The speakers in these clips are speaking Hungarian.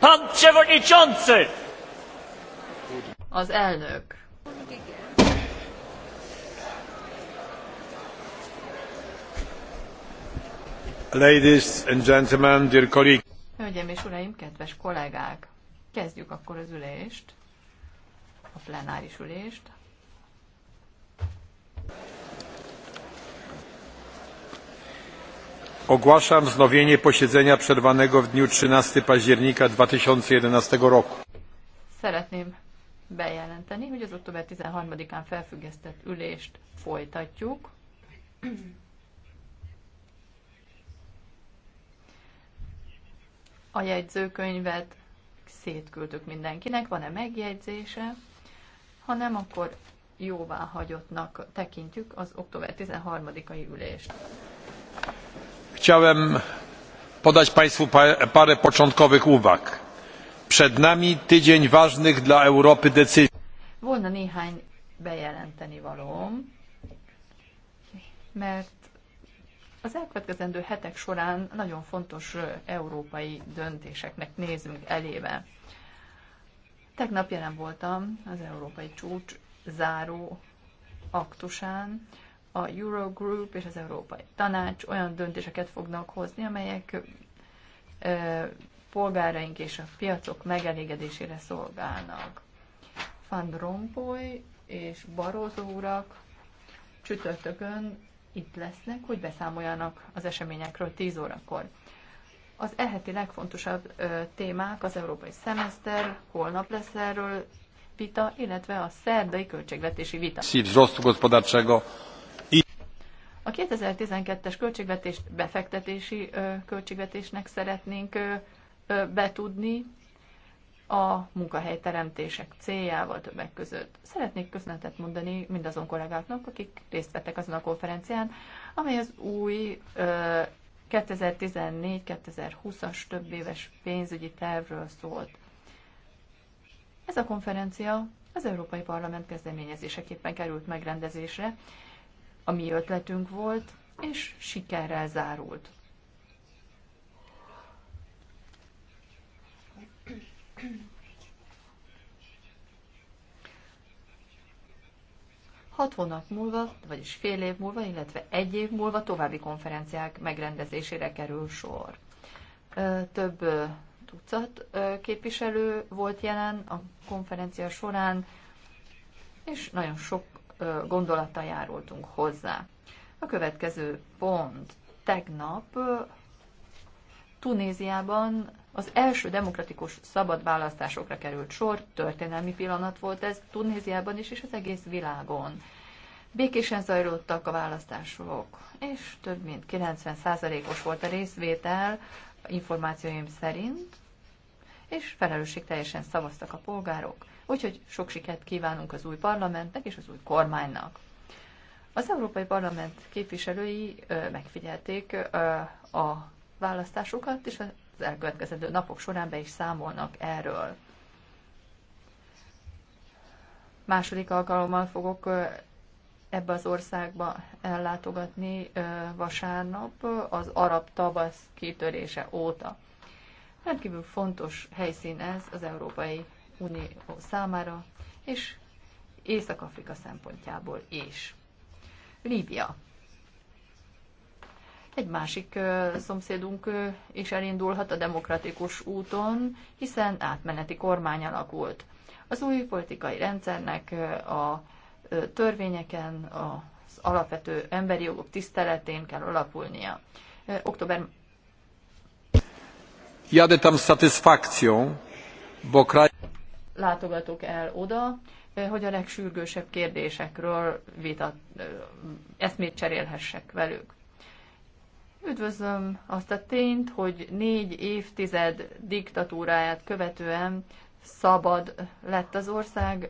Pan Przewodniczący! Az elnök. Ladies and gentlemen, dear colleagues. Hölgyeim és uraim, kedves kollégák! Kezdjük akkor az ülést, a plenáris ülést. Ogłaszam wznowienie posiedzenia przerwanego w dniu trzynaście października jedenaście roku. Szeretném bejelenteni, hogy az október 13-án felfüggesztett ülést folytatjuk. A jegyzőkönyvet szétküldtük mindenkinek, van-e megjegyzése, nem akkor jóvá hagyottnak tekintjük az október 13-ai ülést chciałem podać państwu parę początkowych uwag. przed nami tydzień ważnych dla europy decyzji. volna néhány bejelenteni valóm, mert az elkövetkezendő hetek során nagyon fontos európai döntéseknek nézünk elébe. Tegnap jelen voltam az európai csúcs záró aktusán, a Eurogroup és az Európai Tanács olyan döntéseket fognak hozni, amelyek polgáraink és a piacok megelégedésére szolgálnak. Van Rompuy és Barózó urak csütörtökön itt lesznek, hogy beszámoljanak az eseményekről 10 órakor. Az eheti legfontosabb ö, témák az európai szemeszter, holnap lesz erről vita, illetve a szerdai költségvetési vita. 2012-es költségvetést befektetési költségvetésnek szeretnénk betudni a munkahelyteremtések céljával többek között. Szeretnék köszönetet mondani mindazon kollégáknak, akik részt vettek azon a konferencián, amely az új 2014-2020-as éves pénzügyi tervről szólt. Ez a konferencia az Európai Parlament kezdeményezéseképpen került megrendezésre, a mi ötletünk volt, és sikerrel zárult. Hat hónap múlva, vagyis fél év múlva, illetve egy év múlva további konferenciák megrendezésére kerül sor. Több tucat képviselő volt jelen a konferencia során, és nagyon sok gondolattal járultunk hozzá. A következő pont. Tegnap Tunéziában az első demokratikus szabad választásokra került sor, történelmi pillanat volt ez Tunéziában is, és az egész világon. Békésen zajlottak a választások, és több mint 90%-os volt a részvétel információim szerint, és teljesen szavaztak a polgárok. Úgyhogy sok sikert kívánunk az új parlamentnek és az új kormánynak. Az Európai Parlament képviselői megfigyelték a választásokat, és az elkövetkező napok során be is számolnak erről. Második alkalommal fogok ebbe az országba ellátogatni vasárnap az arab tavasz kitörése óta. Rendkívül fontos helyszín ez az Európai Unió számára, és Észak-Afrika szempontjából is. Líbia. Egy másik szomszédunk is elindulhat a demokratikus úton, hiszen átmeneti kormány alakult. Az új politikai rendszernek a törvényeken, az alapvető emberi jogok tiszteletén kell alapulnia. október Jadę tam z satysfakcją, bo kraj... Látogatok el oda, eh, hogy a legsürgősebb kérdésekről vitat, eh, eszmét cserélhessek velük. Üdvözlöm azt a tényt, hogy négy évtized diktatúráját követően szabad lett az ország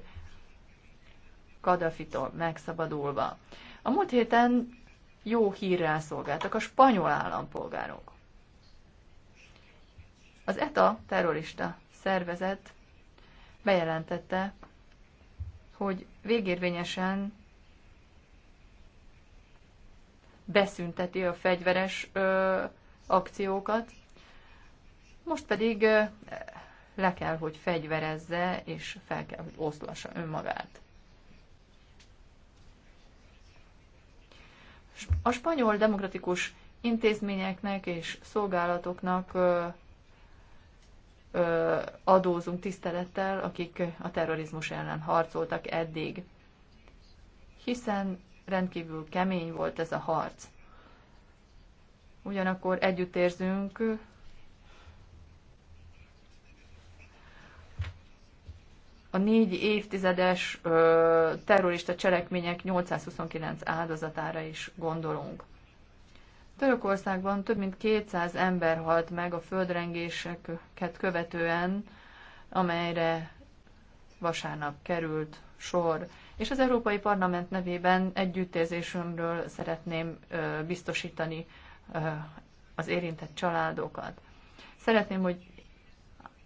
Kadafitól megszabadulva. A múlt héten jó hírrel szolgáltak a spanyol állampolgárok. Az ETA terrorista szervezet bejelentette, hogy végérvényesen beszünteti a fegyveres ö, akciókat, most pedig ö, le kell, hogy fegyverezze, és fel kell, hogy oszlassa önmagát. A spanyol demokratikus intézményeknek és szolgálatoknak adózunk tisztelettel, akik a terrorizmus ellen harcoltak eddig. Hiszen rendkívül kemény volt ez a harc. Ugyanakkor együttérzünk a négy évtizedes ö, terrorista cselekmények 829 áldozatára is gondolunk. Törökországban több mint 200 ember halt meg a földrengéseket követően, amelyre vasárnap került sor. És az Európai Parlament nevében együttérzésünkről szeretném biztosítani az érintett családokat. Szeretném, hogy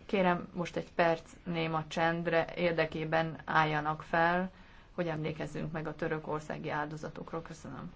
kérem most egy perc néma csendre érdekében álljanak fel, hogy emlékezzünk meg a törökországi áldozatokról. Köszönöm.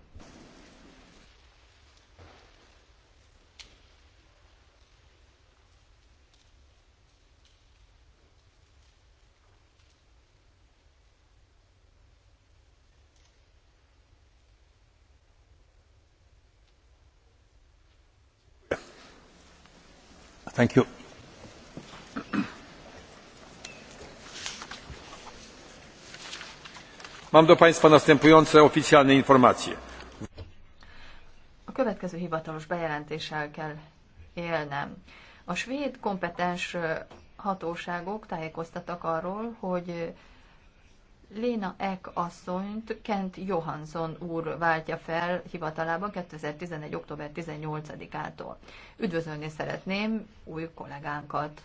mam do państwa następujące oficjalne informacje a következő hivatalos bejelentéssel kell élnem. A svéd kompetens hatóságok tájékoztattak arról, hogy Léna Ek asszonyt Kent Johansson úr váltja fel hivatalában 2011. október 18-ától. Üdvözölni szeretném új kollégánkat.